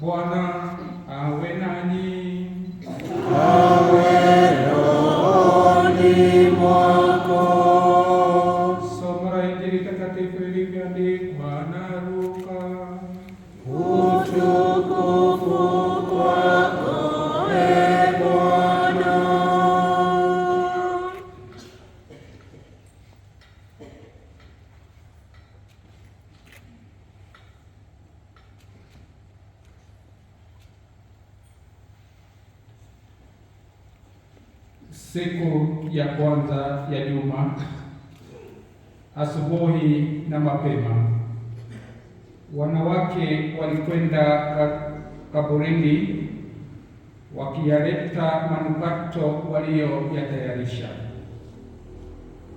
Bwana awe nanyi. Awe rohoni mwako. Somo la Injili takatifu ilivyoandikwa na Luka. Utukufu siku ya kwanza ya juma asubuhi na mapema, wanawake walikwenda kaburini wakiyaleta manukato waliyoyatayarisha.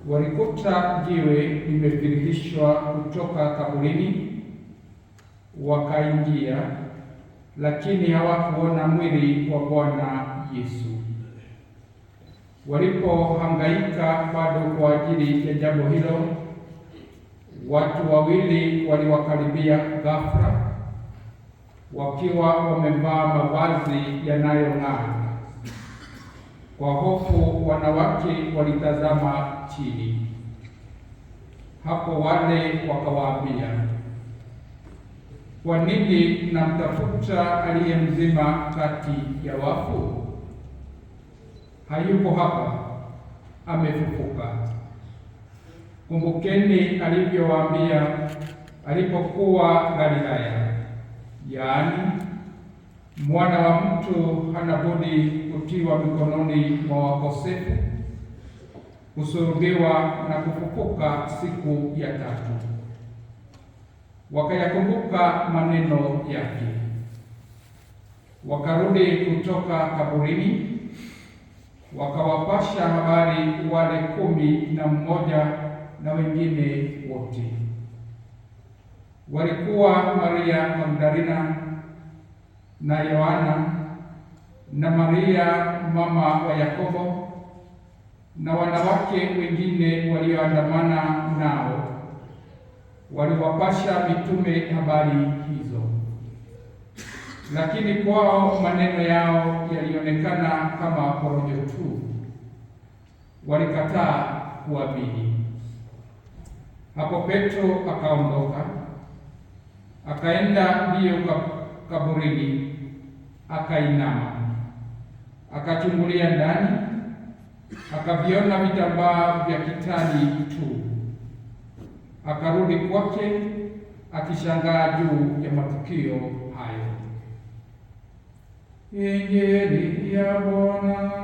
Walikuta jiwe limeviringishwa kutoka kaburini, wakaingia, lakini hawakuona mwili wa Bwana Yesu. Walipohangaika bado kwa ajili ya jambo hilo, watu wawili waliwakaribia ghafla wakiwa wamevaa mavazi yanayong'aa. Kwa hofu, wanawake walitazama chini. Hapo wale wakawaambia, kwa nini mnamtafuta aliye mzima kati ya wafu? hayuko hapa, amefufuka. Kumbukeni alivyowaambia alipokuwa Galilaya, yaani mwana wa mtu hana budi kutiwa mikononi mwa wakosefu, kusulubiwa na kufufuka siku ya tatu. Wakayakumbuka maneno yake, wakarudi kutoka kaburini wakawapasha habari wale kumi na mmoja na wengine wote. Walikuwa Maria Magdalena na Yohana na Maria mama wa Yakobo na wanawake wengine walioandamana nao, waliwapasha mitume habari hizo lakini kwao maneno yao yalionekana kama porojo tu. Walikataa kuamini. Hapo Petro akaondoka akaenda mbio kaburini, akainama, akachungulia ndani, akaviona vitambaa vya kitani tu. Akarudi kwake akishangaa juu ya matukio hayo. in Jeria bona.